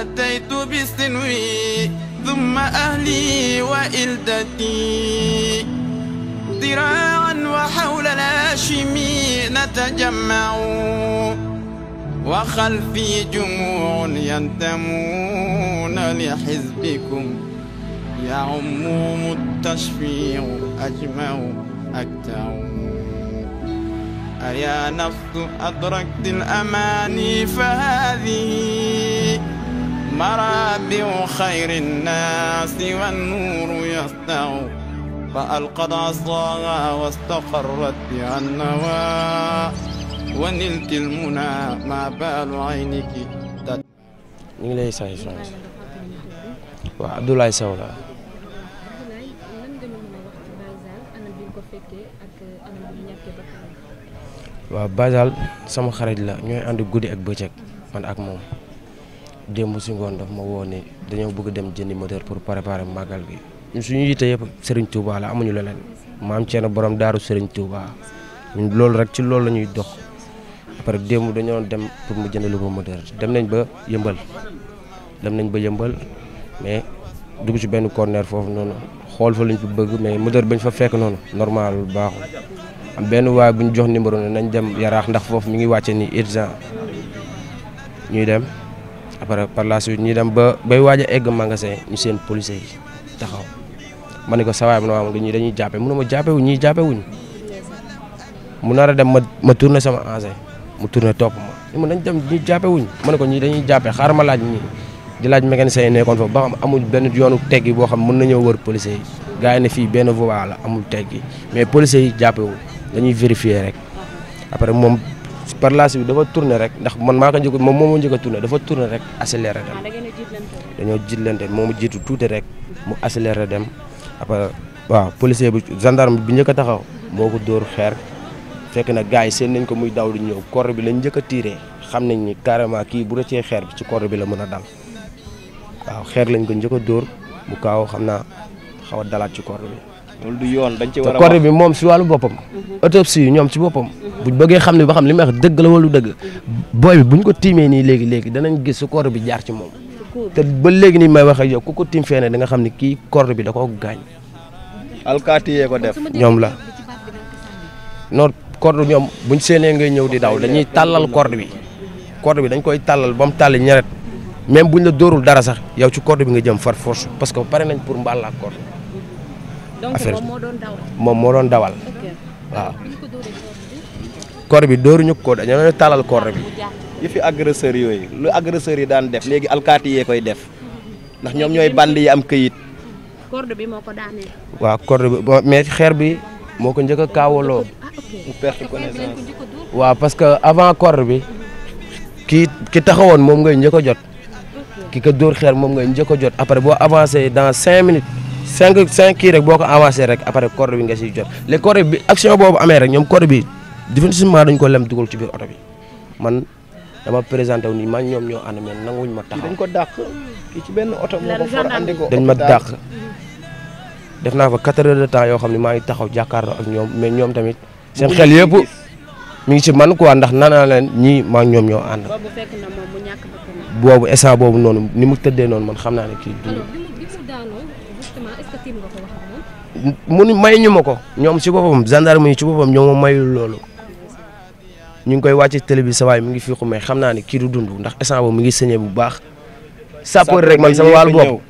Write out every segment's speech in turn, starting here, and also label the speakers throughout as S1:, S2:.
S1: أتيت بسنوي ثم أهلي وإلدتي ذراعا وحول الهاشمي نتجمع وخلفي جموع ينتمون لحزبكم يعمهم التشفيع أجمع أكتعون أيا نفس أدركت الأماني فهذه مرابع خير الناس والنور يسطع فألقد عصاها واستقرت بها النوى ونلت المنى ما بال عينك ñu ngi lay say soxna si waaw Abdoulaye Sow la
S2: waaw Bazal sama xarit la ñooy ànd guddi ak bëccëg man ak moom démb si ngoon daf ma woo ne dañoo bëgg dem jëndi moteur pour préparer màggal bi suñu yite yëpp Serigne Touba la amuñu leneen maam Thierno borom daaru Serigne loolu rek ci loolu la ñuy dox après démb dañoo dem pour mu jënd lu ko moteur dem nañ ba yëmbal dem nañ ba yëmbal mais dugg ci benn corner foofu noonu xool fa lañ fa bëgg mais moteur bañ fa fekk noonu normal baaxul am benn waay bu ñu jox numéro nañ dem yaraax ndax foofu mi ngi wàcce ni urgent ñuy dem. après par la suite ñu dem ba bay waaj a egg magasin ñu seen policier yi taxaw ma ne ko sawaay mu ne waaw ñii dañuy jàppe mun ne ma jàppe wuñ ñii jàppe wuñ mu a dem ma ma tourné sama engin mu tourné topp ma ni nañ dem ñii jàppe wuñ ma ne ko ñii dañuy jàppe xaar ma laaj di laaj mécanicien yi nekkoon fa ba xam amuñ benn yoonu teggi boo xam mën nañoo wër policier yi gars ne fii benn voie la amul teggi mais policier yi jàppewuñ dañuy vérifier rek après moom par la suite dafa tourné rek ndax man maa ko njëkk moom moo ma njëkk a dafa tourné rek accéléré dem. Ah, dañoo jiitlante moom mu jiitu tuute rek mu accéléré dem après waaw policier bi gendarme bi njëkk a taxaw moo ko dóor xeer fekk na gars yi seen nañ ko muy daw di ñëw corps bi lañ njëkk a tiiree xam nañ ñi carrément kii bu rëccee xeer bi ci corps bi la mën a dal waaw xeer lañ ko njëkk a dóor mu kaaw xam naa xaw a dalaat ci corps bi.
S3: loolu du yoon dañ ci war a wax bi
S2: moom si wàllu boppam. autopsie yi ñoom si boppam. buñ bëggee xam ne ba xam ni may wax dëgg la wala dëgg. booy bi buñ ko tiimee nii léegi léegi danañ gis su corps bi jaar ci moom. te ba léegi nii may wax ak yow ku ko tiim feene da nga xam ne kii corps bi da gaañ.
S3: alkaati yee ko def ñoom
S2: la. non corde ñoom buñ seenee ngay ñëw di daw dañuy tàllal corde bi corde bi dañ koy tàllal ba mu tàlli ñaret même buñ la dóorul dara sax yow ci corde bi nga jëm far force parce que pare nañ pour mbaal la corde affaire moom moo doon dawal waaw koor bi dóoruñu ko dañoo doon taalal koor bi
S3: yëfi agresseur yooyu lu agresseur yi daan def léegi alkaati yee
S2: koy def ndax ñoom ñooy band yi am këyit corde bi waaw corde mais xeer bi moo ko njëkk a kaawaloo ah, mu perte waaw parce que avant corde bi ki ki taxawoon moom ngay njëkk a jot ki ko dóor xeer moom nga njëkk a jot après boo avancé dans cinq minutes cinq cinq kii rek boo ko avancé rek après corde bi nga siy jot les corde bi action boobu amee rek ñoom corde bi définitivement dañ ko lem dugal ci biir oto bi man dama présenté wu ni man ñoom ñoo ànd mais nanguwuñ ma taxaw. dañ
S3: ko dàq ci benn oto moo ko for andi ko. dañ ma
S2: def naa fa quatre heures yoo xam ne maa ngi taxaw jàkkaarloo ak ñoom mais ñoom tamit. seen xel yëpp mi ngi ci man quoi ndax nan naa leen ñii maa ñoom ñoo ànd. boobu fekk boobu noonu ni mu tëddee noonu man xam naa ne kii dund. tiim mu ni may ñu ma ko ñoom si boppam mu yi ci boppam ñoom mayul loolu ñu ngi koy wàcce télé bi sa waay mi ngi fi xumee xam naa ne kii du dund ndax instant boobu mi ngi sañee bu baax. sapo rek man sama wàllu bopp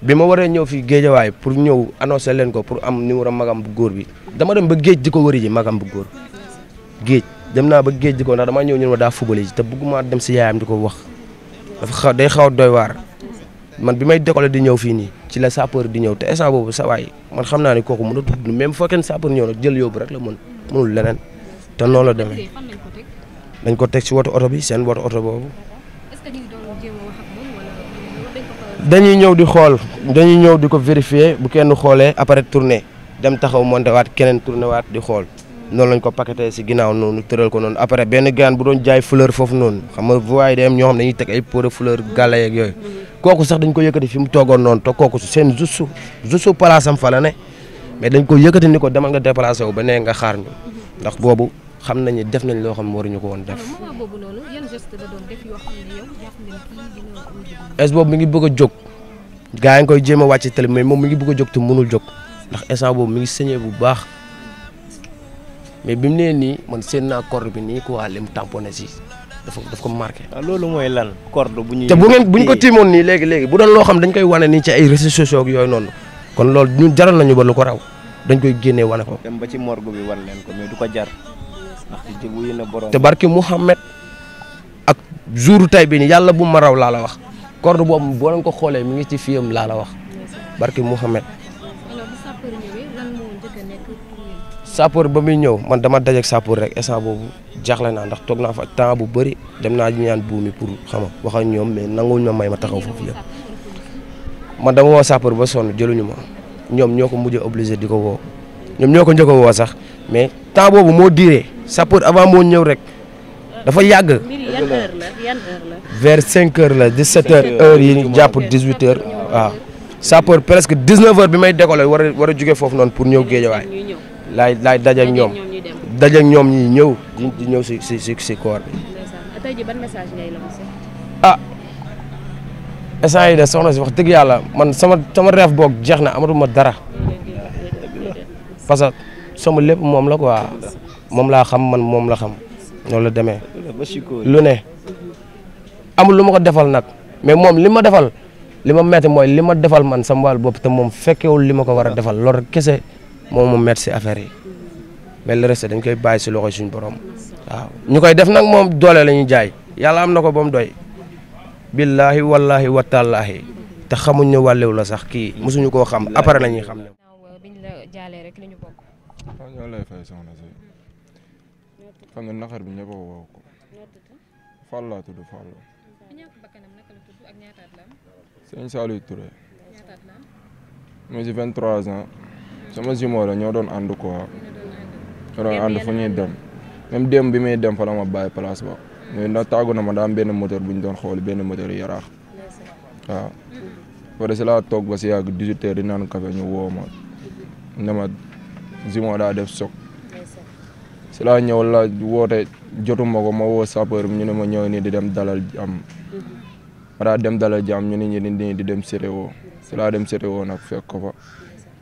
S2: bi ma waree ñëw fii géejawaay pour ñëw annoncé leen ko pour am numéro magam bu góor bi dama dem ba géej di ko wëri ji magam bu góor géej dem naa ba géej di ko ndax damaa ñëw ñu ma daa fubali ji te bëgguma dem si yaayam di ko wax dafa xaw day xaw doy waar. man bi may décoller di ñëw fii nii ci la sapeur di ñëw te instant boobu sa waay man xam naa ne kooku mënatu même foo kenn sapeur ñëw nag jël yóbbu rek la mën mënul leneen te noonu la demee dañ ko teg si woto oto bi seen woto oto boobu. dañuy ñëw di xool dañuy ñëw di ko vérifier bu kenn xoolee après tourné dem taxaw monté waat keneen tourné waat di xool. noonu lañ ko paqueté si ginnaaw noonu tëral ko noonu après benn gaan bu doon jaay fleur foofu noonu xam nga voie day am ñoo xam dañuy teg ay pot de fleur gàlla yeeg yooyu kooku sax dañ ko yëkkati fi mu toogoon noonu te kooku seen juste juste place am fa ne mais dañ ko yëkkati ni ko demal nga déplacé wu ba nee nga xaar ñu ndax boobu xam nañ ne def nañ loo xam ne waruñu ko won def. es boobu mi ngi bëgg a jóg gaa yi ngi koy jéem a wàcc télé mais moom mu ngi bëgg a jóg te mënul jóg ndax instant boobu mi ngi sañee bu baax. mais bi mu nee nii man seen naa corde bi nii quoi lim tamponné si dafa daf ko marqué. waaw ah, loolu mooy lan corde bu ñuy. te bu ngeen bu ñu ko tiimoon nii léegi léegi bu doon loo xam dañ koy wane nii ci ay réseaux sociaux ak yooyu noonu kon loolu ñun jaral nañu ba lu ko raw dañ koy génnee wane ko.
S3: dem ba ci morgue bi wan leen ko mais du ko jar ndax wuyu na
S4: borom.
S2: te barki Mouhamed ak jouru tay bi nii yàlla bu ma raw laa la wax corde boobu boo leen ko xoolee mu ngi ci fiyam laa la wax barki Mouhamed. sapeur ba muy ñëw man dama dajeeg sapeur rek instant boobu jaaxle naa ndax toog naa fa temps bu bëri dem naa ñaan buumi pour xama wax ak ñoom mais nanguwuñ ma may ma taxaw foofu yëpp man dama woo sapeur ba sonn jëluñu ma ñoom ñoo ko mujj obligé di ko woo ñoom ñoo ko njëkk woo sax mais temps boobu moo diire sapeur avant moo ñëw rek dafa yàgg. vers 5 heures la 17 heures heure yi jàpp 18 heures waaw sapeur presque 19 heures bi may décoller war a war a jugee foofu noonu pour ñëw géejawaay laay laay dajeeg ñoom dajeeg ñoom ñuy ñëw di ñëw si si si si koor bi. ah instant yi de soxna si wax dëgg yàlla man sama sama reef boog jeex na ma dara parce que sama lépp moom la quoi moom laa xam man moom la xam loolu la demee. lu ne amul lu ma ko defal nag mais moom li ma defal li ma metti mooy li ma defal man sama wàll bopp te moom fekkewul li ma ko war a defal loolu kese. moom mu met si affaire yi mais le reste dañ koy bàyyi si loxo suñu borom waaw ñu koy def nag moom doole lañuy ñuy jaay yàlla am na ko ba mu doy billaahi wallaahi wataalaahi te xamuñ ne wàllew la sax kii mosuñu koo xam après la ñuy xam ne waaw
S5: ñoo lay fay soxna xam ne bi ñëpp a woo ko Fall laa tudd sama jumeau la ñoo doon ànd quoi ñoo doon ànd fu ñuy dem même démb bi muy dem fa la ma bàyyi place ba mais ndax tàggu na ma daa am benn moteur bu ñu doon xool benn moteur yu yaraax waaw pare mm-hmm. si toog ba si yàgg 18 heures di naan café ñu woo ma ma jumeau daa def choc si laa ñëw la woote jotuma ko ma woo sapeur ñu ne ma ñëw nii di dem dalal am mm-hmm. ma daa dem dalal jàmm ñu ne ñu di dem sétéwoo si laa dem sétéwoo nag fekk ko fa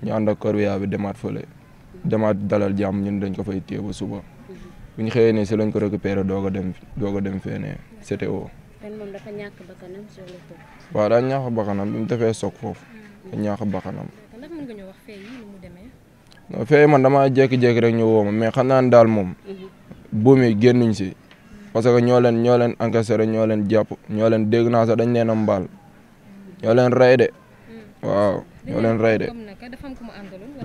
S5: ñu ànd ak corbillard bi demaat fële demaat dalal jàmm ñun dañ ko fay téye ba suba mhm. bu ñu xëyee ne si lañ ko récupéré doog a dem doog a dem feneen CTO.
S4: ren moom dafa ñàkk bakkanam sur le coup.
S5: waaw daa ñàkk bakkanam bi mu defee soog foofu. Mhm. da ñàkk bakkanam. lan man damaa jékki rek ñu woo ma mais xam naa ne daal moom. Mhm. buum yi génnuñ si. parce que ñoo leen ñoo leen encaissé ñoo leen jàpp ñoo leen dégg dañ leen a mbaal. ñoo leen de waaw. ñoo leen rey de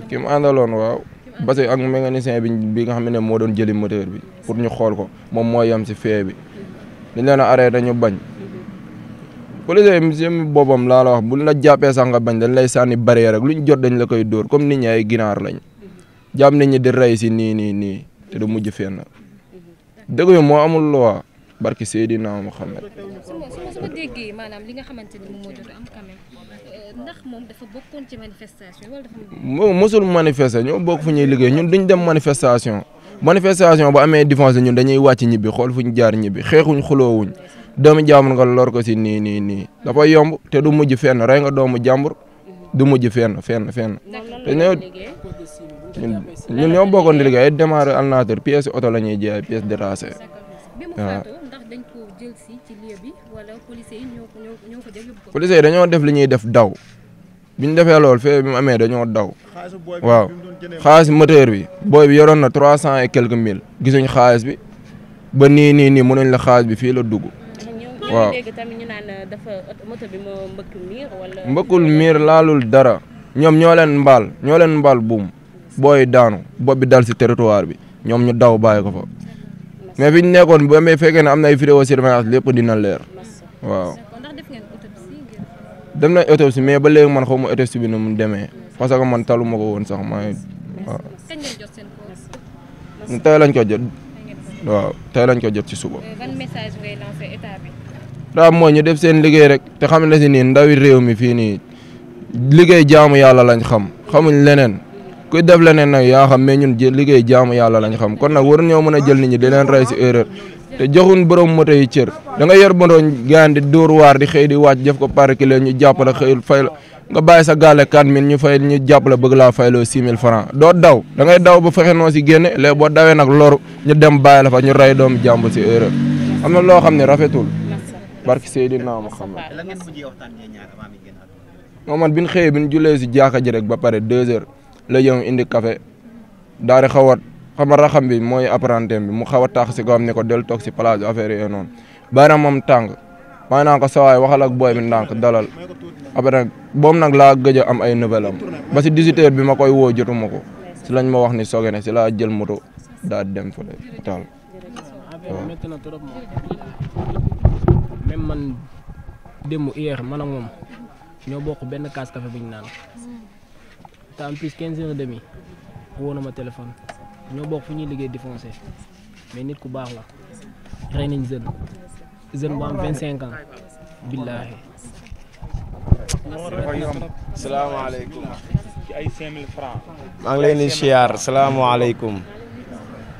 S5: ki mu àndaloon waaw parce que ak mécanicien bi bi nga xam ne moo doon jëli moteur bi pour ñu xool ko moom mooy yem si fee bi dañ leen a arrêté ñu bañ policier yi si boppam laa la wax buñ la jàppee sax nga bañ dañ lay sànni barrière rek luñ jot dañ la koy dóor comme ni ñu ay ginaar lañ jàpp nit ñi di rey si nii nii nii te du mujj fenn dëgg yu moo amul loi barki Seydina Mohamed.
S4: su ma déggee maanaam
S5: euh, manifestation ñuy liggéey ñun duñ dem manifestation. manifestation bu amee défense ñun dañuy wàcc ñibbi xool ñu jaar ñibbi xeexuñ xuloowuñ doomu jàmbur nga lor ko si nii nii nii dafa yomb te du mujj fenn rey nga doomu jàmbur du mujj fenn fenn fenn. te ñoo ñun ñoo bokkoon di liggéey ay démarré ordinateur pièce oto la ñuy jaay pièce détachée ci dañoo def li ñuy def daw bi defee loolu fee bi mu amee dañoo daw. waaw xaalis moteur bi. booy bi yoroon na trois cent et quelques mille. gisuñ xaalis bi ba nii nii nii mënuñ la xaalis bi fii la dugg. waaw léegi tamit mbëkkul miir laalul dara ñoom ñoo leen mbaal ñoo leen mbaal buum booy daanu bopp bi dal si territoire bi ñoom ñu daw bàyyi ko fa. mais bi ñu nekkoon ba mais fekkee ne am na ay vidéo surveillance lépp dina leer waaw. dem na autopsie mais ba léegi man xaw ma autopsie bi nu mu demee parce man talu ma ko woon sax maa waaw. tey lañ ko jot. waaw tey lañ ko jot ci suba. Euh,
S4: ban message
S5: mooy ñu def seen liggéey rek te xam ne si nii ndawi réew mi fii nii liggéey jaamu yàlla lañ xam xamuñ leneen. kuy def leneen yaa xam mais ñun liggéey jaamu yàlla lañ xam kon nag war ñoo mën a jël nit ñi di leen rey si erreur te joxuñ borom moto yi cër da nga yor bandooñ gaan di dóor waar di xëy di wàcc def ko parkile ñu jàpp la xëy fay la nga bàyyi sa gaale 4000 ñu fay ñu jàpp la bëgg laa fayloo 6000 francs doo daw da ngay daw ba fexe noo si génne léegi boo dawee nag loru ñu dem bàyyi la fa ñu rey doom jàmb si erreur am na loo xam ne rafetul barki Seydina Muhammad moo man bi ñu xëyee bi ñu julee si jaaka ji rek ba pare deux heures la indi café daal di xaw a xamal bi mooy apprenti bi mu xaw a taax si kawam ne ko del toog si place bi affaire yooyu noonu moom tàng maa naa ko sawaay waxal ak booy bi ndànk dalal après nag laa gëj a am ay nouvelle am ba si bi ma koy woo jotuma ko si lañ ma wax ni soge ne si laa jël moto daal di dem fële taal
S3: même man démb benn kaas café ñu naan te en plus quinze heures demi woo na ma téléphone ñoo bokk fu ñuy liggéey di foncé mais nit ku baax la
S4: rey nañ jeune jeune bu am vingt cinq ans billaahi
S3: salaamaaleykum maa ngi leen di siyaar salaamaaleykum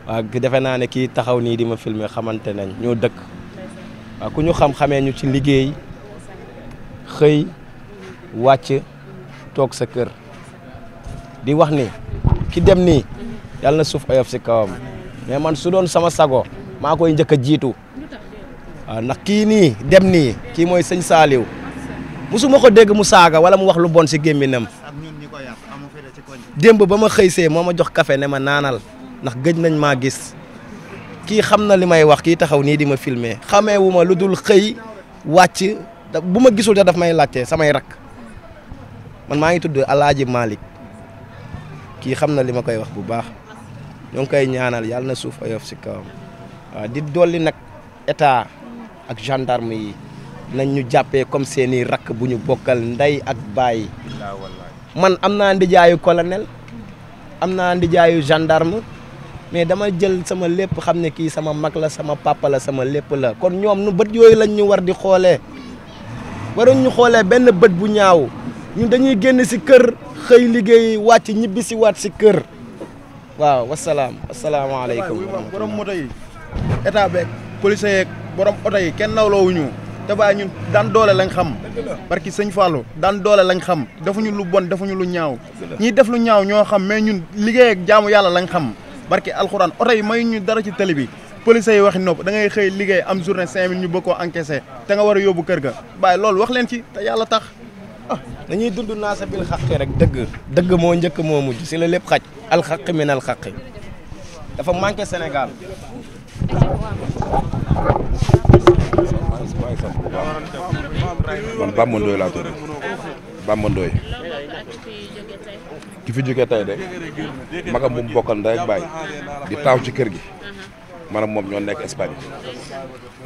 S3: waaw defe naa ne kii taxaw nii di ma filmer xamante nañ ñoo dëkk waaw ku ñu xam-xamee ñu ci liggéey xëy wàcc toog sa kër di wax ni ki dem nii yàlla na suuf oyof si kawam mais man su doon sama sago maa koy njëkk a jiitu ah, ndax kii nii dem nii kii mooy sëñ Saaliw ma ko dégg mu saaga wala mu wax lu bon si gémminam démb ba ma xëy see moo ma jox kafe ne ma naanal ndax gëj nañ maa gis kii xam na li may wax kii taxaw nii di ma filmer xamee wu ma lu dul xëy wàcc bu ma gisul te daf may laajte samay rakk man maa ngi tudd Alaaji Malick kii xam na li ma koy wax bu baax ñoo ngi koy ñaanal yàlla na suuf oyof si kawam di dolli nag état ak gendarme yi nañ ñu jàppee comme seeni rakk bu ñu bokkal ndey ak baay man am naa jaayu kolonel am na naa jaayu gendarme mais dama jël sama lépp xam ne kii sama mag la sama papa la sama lépp la kon ñoom nu bët yooyu lañ ñu war di xoolee waruñ ñu xoolee benn bët bu ñaaw ñun dañuy génn si kër xëy liggéey wàcc ñibbi si waat si kër waaw wasalaam asalaamaaleykum borom moto yi état beeg police yeeg borom oto yi kenn ñu te baa ñun daan doole lañ xam barki sëñ Fallou daan doole lañ xam defuñu lu bon defuñu lu ñaaw ñiy def lu ñaaw ñoo xam mais ñun liggéey ak jaamu yàlla lañ xam barki alxuraan oto yi may ñu dara ci tali bi police yi waxi nopp da ngay xëy liggéey am journée cinq mille ñu bëgg koo te nga war a yóbbu kër ga bàyyi loolu wax leen ci te yàlla tax ah. dañuy dund naasa bil xaqi rek dëgg dëgg moo njëkk moo mujj si la lépp xaj alxaqi min alxaqi dafa manqué Sénégal
S6: man Bamba laa tudd Bamba ki fi jógee tey de magam bu mu bokkal ndey ak di taaw ci kër gi maanaam moom ñoo nekk Espagne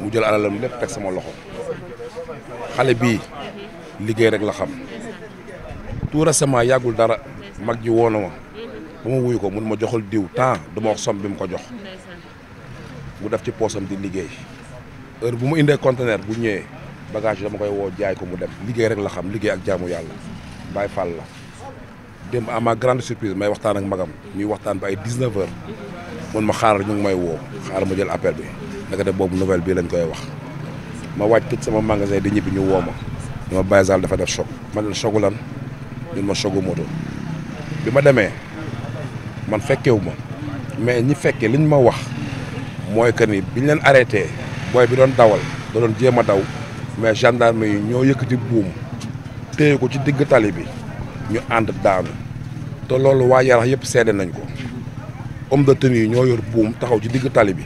S6: mu jël alalam lépp teg sama loxo xale bii liggéey rek la xam tout récemment yàggul dara mag ji woona ma ba ma wuyu ko mun ma joxul diw temps du ma wax som bi mu ko jox mu def ci poosam di liggéey heure bu mu indee conteneur bu ñëwee bagage yi dama koy woo jaay ko mu dem liggéey rek la xam liggéey ak jaamu yàlla Baye Fall la démb à ma grande surprise may waxtaan ak magam ñuy waxtaan ba ay 19 heures mun ma xaaral ñu ngi may woo xaaral ma jël appel bi naka def boobu nouvelle bii lañ koy wax ma wàcc tëj sama magasin di ñibbi ñu woo ma dama Baye dafa def choc ma ñun ma sogo moto bi ma demee man fekkewu ma mais ñi fekkee liñ ma wax mooy que ni biñ leen arrêté booy bi doon dawal da doon jéem a daw mais gendarme yi ñoo yëkkati buum téye ko ci digg tali bi ñu ànd daanu te loolu waa Yarax yëpp seede nañ ko homme de tenue yi ñoo yor buum taxaw ci digg tali bi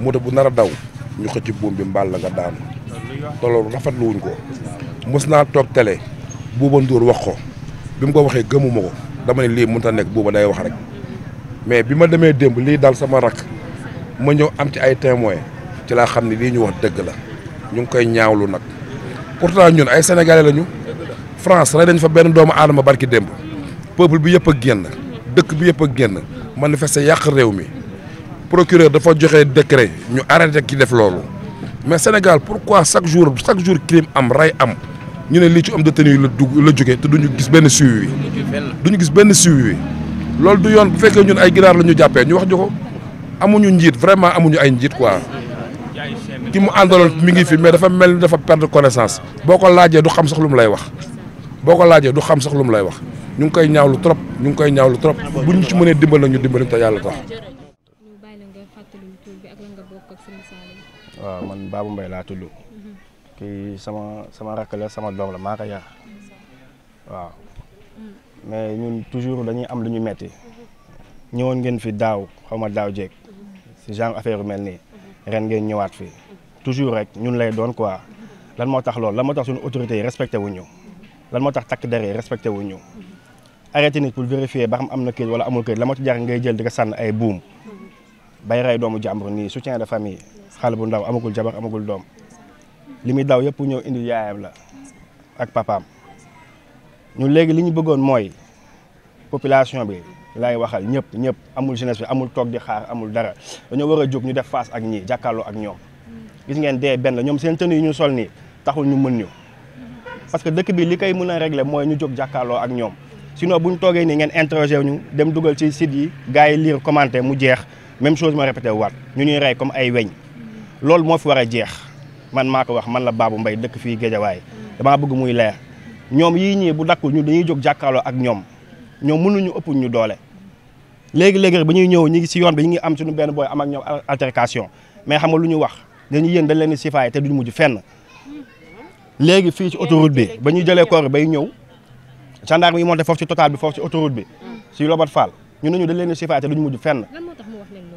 S6: moto bu nar a daw ñu xëcc buum bi mbaal la nga daanu te loolu rafetlu wuñ ko mos naa toog tele Bouba Ndour wax ko. bi mu ko waxee gëmuma ko dama ne lii mënut a nekk booba day wax rek mais bi ma demee démb lii daal sama rak ma ñëw am ci ay témoins ci laa xam ne lii ñu wax dëgg la ñu ngi koy ñaawlu nag pourtant ñun ay sénégalais lañu France rey dañ fa benn doomu aadama barki démb peuple bi yëpp a génn dëkk bi yëpp a génn manifester yàq réew mi procureur dafa joxe décret ñu arrêté ki def loolu mais Sénégal pourquoi chaque jour chaque jour crime am rey am. ñu ne lii ci homme de tenue la dugg la jógee te duñu gis benn suivi duñu gis benn suivi loolu du yoon bu fekkee ñun ay ginaar la ñu jàppee ñu wax ñu ko amuñu njiit vraiment amuñu ay njiit quoi ki mu àndaloon mi ngi fi mais dafa mel ni dafa perdre connaissance boo ko laajee du xam sax lu mu lay wax boo ko laajee du xam sax lu mu lay wax ñu ngi koy ñaawlu trop ñu ngi koy ñaawlu trop bu ñu
S7: ci mënee dimbal nag ñu dimbali te yàlla tax. waaw man Babou Mbaye laa tudd. Mhm. kii sama sama rakk la sama doom la maa ko yar waaw mais ñun toujours dañuy am lu ñu metti ñëwoon ngeen fi daaw xaw ma daaw jéeg si genre affaire yu mel nii ren ngeen ñëwaat fi toujours rek ñun lay doon quoi lan moo tax lool lan moo tax suñu autorité yi respecté wu ñu lan moo tax takk der yi respecté wu ñu arrêté nit pour vérifier ba xam am na këyit wala amul këyit la ma ci jar ngay jël di ko sànn ay buum bay rey doomu jàmbur nii soutien de famille xale bu ndaw amagul jabar amagul doom li muy daw yëpp ñëw indi yaayam la ak papaam ñu léegi li ñu bëggoon mooy population bi lay waxal ñëpp ñëpp amul jeunesse amul toog di xaar amul dara dañoo war a jóg ñu def fas ak ñi jàkkaaloo ak ñoom gis ngeen dee benn ñoom seen tenue yi ñu sol nii taxul ñu mën ñu parce que dëkk bi li koy mën a régler mooy ñu jóg jàkkaarloo ak ñoom sinon bu ñu toogee nii ngeen interroger ñu dem dugal ci site yi gars yi lire commenter mu jeex même chose ma répété waat ñu ñuy rey comme ay weñ loolu moo fi war a jeex man maa ko wax man la baabu mbay dëkk fii Géejawaay damaa bëgg muy leer ñoom yii ñii bu dakkul ñu dañuy jog jàkkaarloo ak ñoom ñoom mënuñu ëpp ñu doole léegi-léegi ba ñuy ñëw ñu ngi si yoon bi ñu ngi am suñu benn booy am ak ñoom altercation mais xam nga lu ñu wax dañu yéen dañ leen di sifaay te duñ mujj fenn léegi fii ci autoroute bi ba ñuy jëlee koor bay ñëw gendarme yi monté foofu ci total bi foofu ci autoroute bi si Lobat ñu nañu dañ leen di sifaay te duñ mujj fenn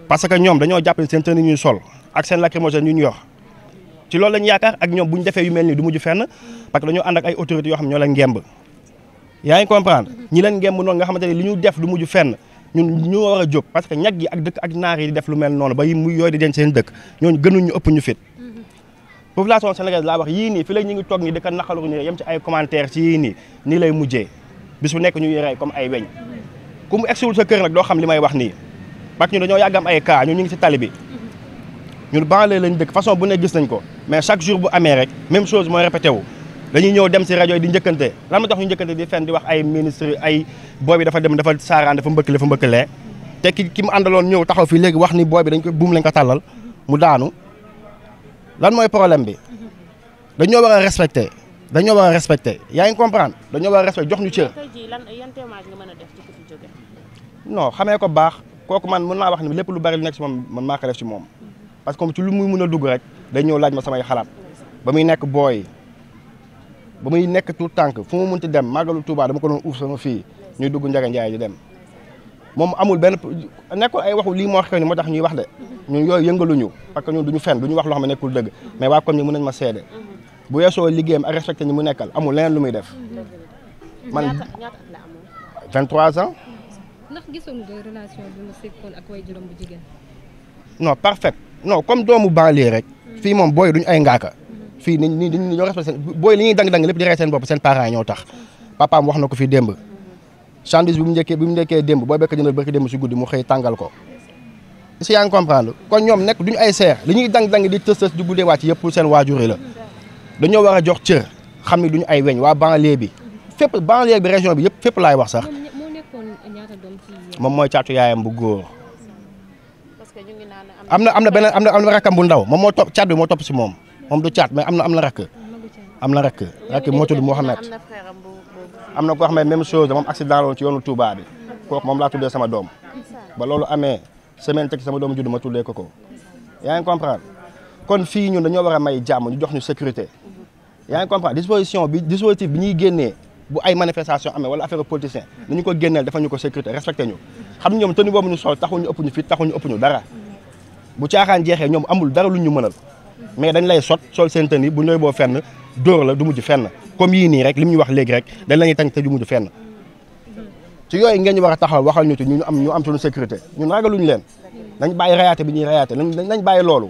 S7: parce que ñoom dañoo jàpp seen tën ñuy sol ak seen lacrymogène yu ñu ñu yor ci loolu lañ yaakaar ak ñoom bu ñu defee yu mel nii du mujj fenn parce que dañoo ànd ak ay autorités yoo xam ñoo leen ngemb yaa ngi comprendre xamante ne li ñu def du mujj fenn ñun ñu war a jóg parce que ñag yi ak dëkk ak naar yi di def lu mel noonu ba muy yooyu di denc seen dëkk ñooñu gënuñ ñu ëpp ñu fit population sénégalaise laa wax yii nii fi la ñu ngi toog nii di ko naqaru nii yem ci ay commentaire ci yii nii nii lay mujjee bis bu nekk ñu rey comme ay weñ ku mu egsiwul sa kër nag doo xam li may wax nii parce que ñu dañoo yàgg ay cas ñu ñu ngi ci tali bi ñun banlieue lañ dëkk façon bu ne gis nañ ko mais chaque jour bu amee rek même chose mooy répété dañuy ñëw dem si rajo yi di njëkkante lan ma tax ñu njëkkante di fenn di wax ay ministre ay booy bi dafa dem dafa saaraan dafa mbëkkale fa mbëkkalee te ki ki mu àndaloon ñëw taxaw fii léegi wax ni booy bi ko buum lañ ko tàllal mu daanu lan mooy problème bi dañoo war a respecte dañoo war a respecté yaa ngi comprendre dañoo war a respecté jox ñu ci ku
S3: fi jóge.
S7: non ko baax kooku man mën naa wax ni lépp lu bari nekk si man maa ko si moom parce que comme ci lu muy mën a dugg rek day ñëw laaj ma samay xalaat ba muy nekk booy ba muy nekk tout tànk fu mu ti dem màggalu Touba dama ko doon uuf sama fii ñu dugg Njaga Njaay di dem moom amul benn nekkul ay waxu lii moo xew ni moo tax ñuy wax de ñun yooyu yëngaluñu parce que ñun duñu fen duñu wax loo xam ne nekkul dëgg mais waa comme ñi bu yeesoo liggéeyam ak respecté mu nekkal amul leneen lu muy def man 23 ans parfait non comme doomu banlieue rek fii moom booy duñ ay ngaaka fii ni ni dañ ñoo respecté booy li ñuy dang-dang lépp di rey seen bopp seen parents ñoo tax papaam wax na ko fii démb sandwich bi mu njëkkee bi mu njëkkee démb booy bekk jëndal bëkk démb si guddi mu xëy ko si ce comprendre kon ñoom nekk duñu ay seer li ñuy dang-dang di tës tës di guddee wàcc yëpp seen waajur la dañoo war a jox cër xam ne duñu ay weñ waa banlieue bi fépp banlieue bi région bi yëpp fépp laay wax sax moom mooy caatu yaayam bu góor am na am na beneen am na am na rakkam bu ndaw moom moo topp caat bi moo topp si moom moom du caat mais am na am na rakk am na rakk rakk bi moo tudd Mouhamed am na koo xam ne même chose moom accident la woon ci yoonu Touba bi kooku moom laa tuddee sama doom ba loolu amee semaine teg sama doomu judd ma tuddee ko ko yaa ngi comprendre kon fii ñun dañoo war a may jàmm ñu jox ñu sécurité yaa ngi comprendre disposition bi dispositif bi ñuy génnee bu ay manifestation amee wala affaire politicien nañu ko génneel dafa ñu ko sécurité respecté ñu xam ñoom tenu boobu ñu sol taxuñu ëpp ñu fit taxuñu ëpp dara bu caaxaan jeexee ñoom amul dara lu ñu mënal mais dañ lay sot sol seen tën yi bu ñooy boo fenn dóor la du mujj fenn comme yii nii rek li mu ñu wax léegi rek dañ la ñuy tànk te du mujj fenn ci yooyu ngeen ñu war a taxaw waxal ñu ci ñu am ñu am suñu sécurité ñun ragaluñu leen nañ bàyyi rayaate bi ñuy rayaate nañ bàyyi loolu